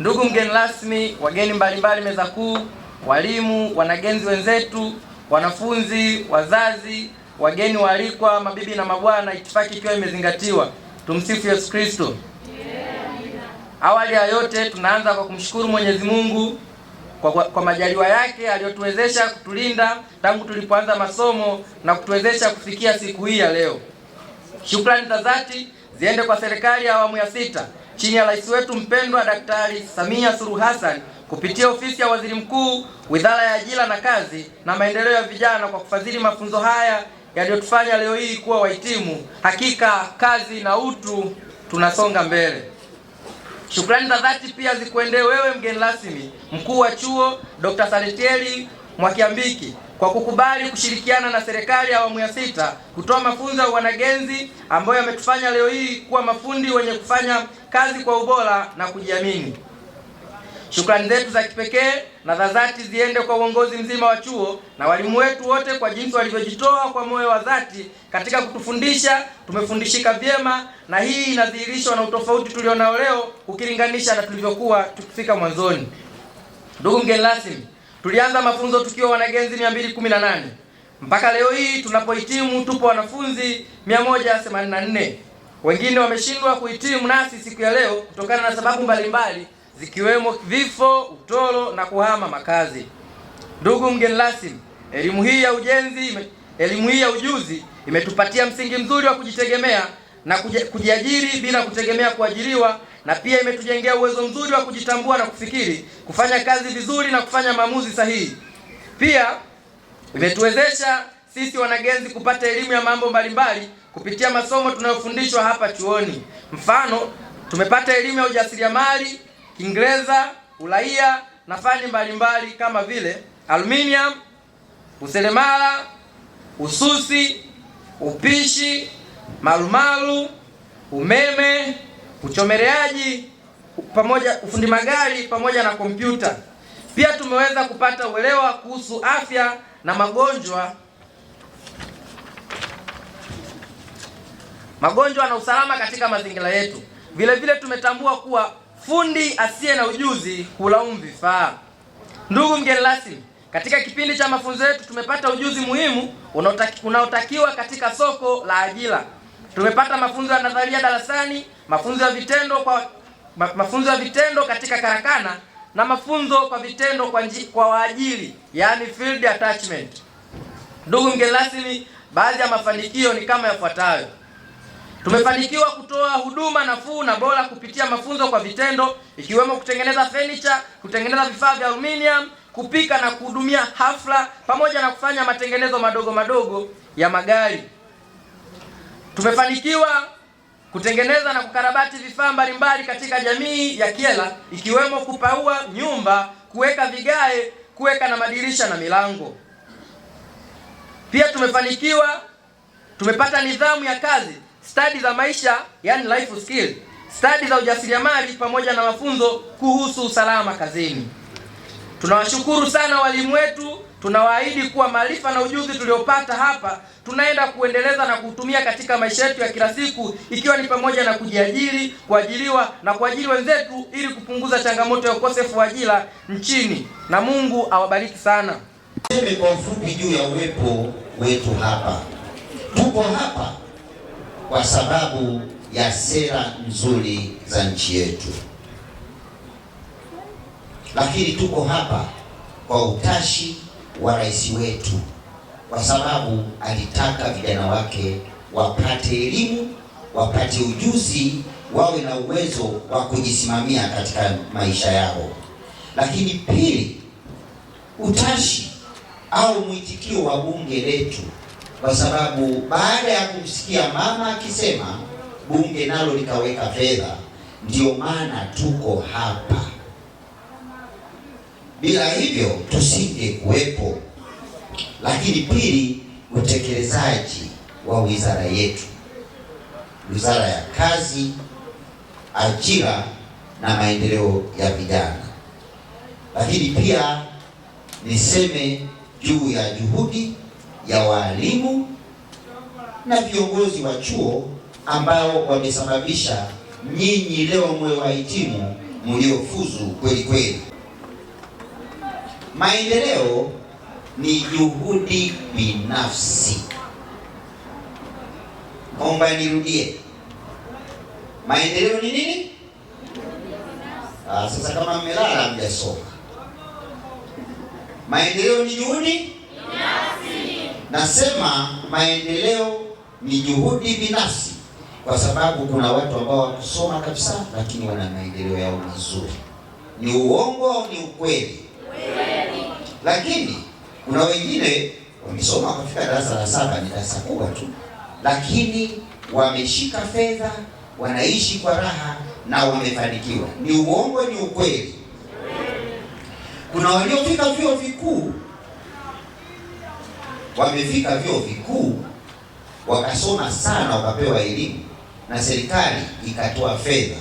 Ndugu mgeni rasmi, wageni mbalimbali meza kuu, walimu, wanagenzi wenzetu, wanafunzi, wazazi, wageni waalikwa, mabibi na mabwana, itifaki ikiwa imezingatiwa. Tumsifu Yesu Kristo. Awali ya yote, tunaanza kwa kumshukuru Mwenyezi Mungu kwa, kwa majaliwa yake aliyotuwezesha kutulinda tangu tulipoanza masomo na kutuwezesha kufikia siku hii ya leo. Shukrani za dhati ziende kwa serikali ya awamu ya sita chini ya rais wetu mpendwa Daktari Samia Suluhu Hassan kupitia ofisi ya waziri mkuu, wizara ya ajira na kazi na maendeleo ya vijana kwa kufadhili mafunzo haya yaliyotufanya leo hii kuwa wahitimu. Hakika kazi na utu, tunasonga mbele. Shukrani za dhati pia zikuendee wewe mgeni rasmi, mkuu wa chuo Dr. Salitieri mwakiambiki kwa kukubali kushirikiana na serikali ya awamu ya sita kutoa mafunzo ya wanagenzi ambayo yametufanya leo hii kuwa mafundi wenye kufanya kazi kwa ubora na kujiamini. Shukrani zetu za kipekee na za dhati ziende kwa uongozi mzima wa chuo na walimu wetu wote kwa jinsi walivyojitoa kwa moyo wa dhati katika kutufundisha. Tumefundishika vyema, na hii inadhihirishwa na utofauti tulionao leo ukilinganisha na tulivyokuwa tukifika mwanzoni. Ndugu mgeni rasmi, Tulianza mafunzo tukiwa wanagenzi 218 mpaka leo hii tunapohitimu tupo wanafunzi 184. Wengine wameshindwa kuhitimu nasi siku ya leo kutokana na sababu mbalimbali zikiwemo vifo, utoro na kuhama makazi. Ndugu mgeni rasmi, elimu hii ya ujenzi, elimu hii ya ujuzi imetupatia msingi mzuri wa kujitegemea na kujiajiri bila kutegemea kuajiriwa na pia imetujengea uwezo mzuri wa kujitambua na kufikiri, kufanya kazi vizuri na kufanya maamuzi sahihi. Pia imetuwezesha sisi wanagenzi kupata elimu ya mambo mbalimbali kupitia masomo tunayofundishwa hapa chuoni. Mfano, tumepata elimu ya ujasiriamali, Kiingereza, uraia na fani mbalimbali kama vile aluminium, useremala, ususi, upishi, marumaru, umeme uchomereaji pamoja, ufundi magari pamoja na kompyuta. Pia tumeweza kupata uelewa kuhusu afya na magonjwa magonjwa na usalama katika mazingira yetu. Vile vile tumetambua kuwa fundi asiye na ujuzi hulaumu vifaa. Ndugu mgeni rasmi, katika kipindi cha mafunzo yetu tumepata ujuzi muhimu unaotakiwa katika soko la ajira. Tumepata mafunzo ya nadharia darasani, mafunzo ya vitendo kwa mafunzo ya vitendo katika karakana na mafunzo kwa vitendo kwa, nji, kwa waajiri yani field attachment. Ndugu mgeni rasmi, baadhi ya mafanikio ni kama yafuatayo: tumefanikiwa kutoa huduma nafuu na bora kupitia mafunzo kwa vitendo, ikiwemo kutengeneza furniture, kutengeneza vifaa vya aluminium, kupika na kuhudumia hafla, pamoja na kufanya matengenezo madogo madogo ya magari. Tumefanikiwa kutengeneza na kukarabati vifaa mbalimbali katika jamii ya Kyela ikiwemo kupaua nyumba, kuweka vigae, kuweka na madirisha na milango. Pia tumefanikiwa, tumepata nidhamu ya kazi, stadi za maisha, yani life skill, stadi za ujasiriamali pamoja na mafunzo kuhusu usalama kazini. Tunawashukuru sana walimu wetu Tunawaahidi kuwa maarifa na ujuzi tuliopata hapa tunaenda kuendeleza na kutumia katika maisha yetu ya kila siku, ikiwa ni pamoja na kujiajiri, kuajiriwa na kuajiri wenzetu, ili kupunguza changamoto ya ukosefu wa ajira nchini. Na Mungu awabariki sana. Seme kwa ufupi juu ya uwepo wetu hapa. Tuko hapa kwa sababu ya sera nzuri za nchi yetu, lakini tuko hapa kwa utashi wa rais wetu, kwa sababu alitaka vijana wake wapate elimu, wapate ujuzi, wawe na uwezo wa kujisimamia katika maisha yao. Lakini pili, utashi au mwitikio wa bunge letu, kwa sababu baada ya kumsikia mama akisema bunge nalo likaweka fedha, ndio maana tuko hapa bila hivyo tusinge kuwepo. Lakini pili, utekelezaji wa wizara yetu, wizara ya kazi, ajira na maendeleo ya vijana. Lakini pia niseme juu ya juhudi ya walimu na viongozi wa chuo ambao wamesababisha nyinyi leo mwe wahitimu mliofuzu kweli kweli. Maendeleo ni juhudi binafsi. Naomba nirudie, maendeleo ni nini? Ah, sasa kama mmelala mjasoma, maendeleo ni juhudi binafsi. Nasema maendeleo ni juhudi binafsi kwa sababu kuna watu ambao wakusoma kabisa, lakini wana maendeleo yao mazuri. Ni uongo au ni ukweli? Lakini kuna wengine wamesoma wakafika darasa la saba, ni darasa kubwa tu, lakini wameshika fedha, wanaishi kwa raha na wamefanikiwa. Ni uongo? Ni ukweli? Kuna waliofika vyuo vikuu, wamefika vyuo vikuu wakasoma sana, wakapewa elimu na serikali ikatoa fedha,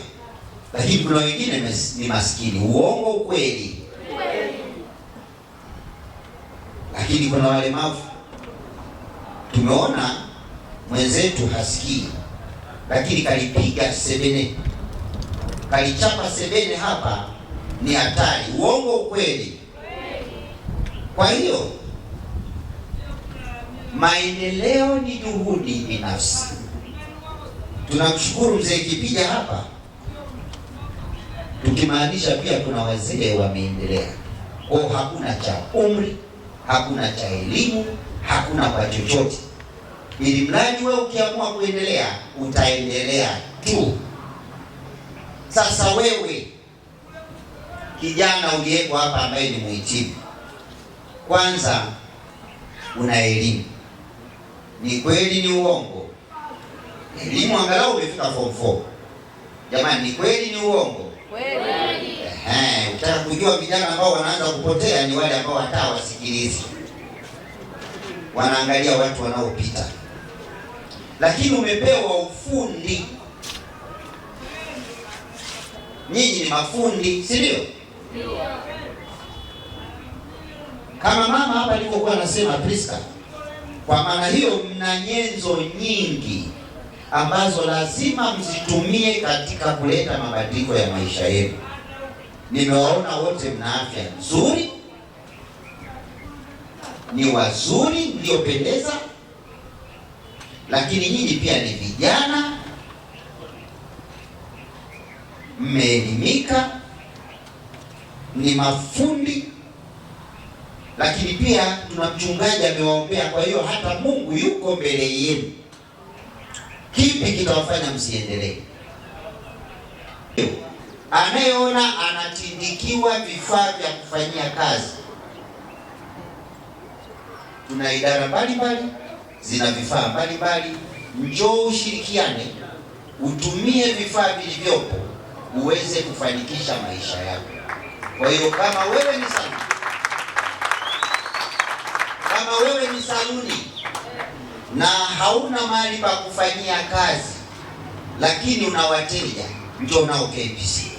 lakini kuna wengine ni maskini. Uongo? Ukweli? lakini kuna walemavu tumeona mwenzetu hasikii, lakini kalipiga sebene, kalichapa sebene. Hapa ni hatari, uongo kweli Kwa hiyo maendeleo ni juhudi binafsi. Tunamshukuru mzee Kipija hapa, tukimaanisha pia kuna wazee wameendelea. kwao, hakuna cha umri hakuna cha elimu, hakuna kwa chochote, ili mradi wewe ukiamua kuendelea utaendelea tu. Sasa wewe kijana uliyeko hapa ambaye ni mhitimu, kwanza una elimu, ni kweli ni uongo? Elimu angalau umefika form 4. Jamani, ni kweli ni uongo? Kweli. Eh, ukitaka kujua vijana ambao wanaanza kupotea ni wale ambao hata wasikilizi, wanaangalia watu wanaopita. Lakini umepewa ufundi, nyinyi ni mafundi, si ndio? Kama mama hapa alivyokuwa anasema Priska, kwa maana hiyo mna nyenzo nyingi ambazo lazima mzitumie katika kuleta mabadiliko ya maisha yenu nimewaona wote mna afya nzuri, ni wazuri mliopendeza, lakini nyinyi pia ni vijana, mmeelimika, ni mafundi, lakini pia tuna mchungaji amewaombea. Kwa hiyo hata Mungu yuko mbele yenu. Kipi kitawafanya msiendelee? anayeona anatindikiwa vifaa vya kufanyia kazi. Tuna idara mbalimbali zina vifaa mbalimbali, njoo ushirikiane, utumie vifaa vilivyopo uweze kufanikisha maisha yako. Kwa hiyo kama wewe ni saluni, kama wewe ni saluni na hauna mahali pa kufanyia kazi, lakini una wateja, njoo nao KPC.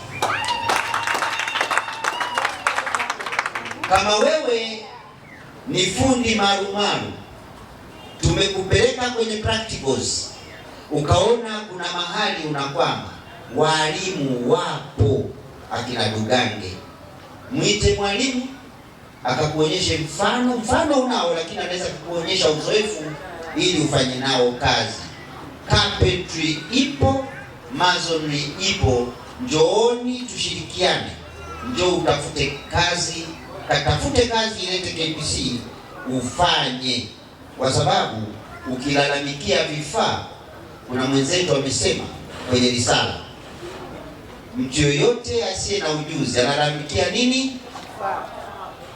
Kama wewe ni fundi marumaru, tumekupeleka kwenye practicals, ukaona kuna mahali unakwama, walimu wapo, akina Dugange, mwite mwalimu akakuonyeshe mfano. Mfano unao, lakini anaweza kukuonyesha uzoefu ili ufanye nao kazi. Carpentry ipo, masonry ipo, njooni tushirikiane, njoo utafute kazi katafute kazi ilete KPC ufanye, kwa sababu ukilalamikia vifaa, kuna mwenzetu amesema kwenye risala, mtu yoyote asiye na ujuzi analalamikia nini?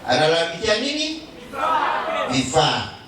Analalamikia nini? Vifaa.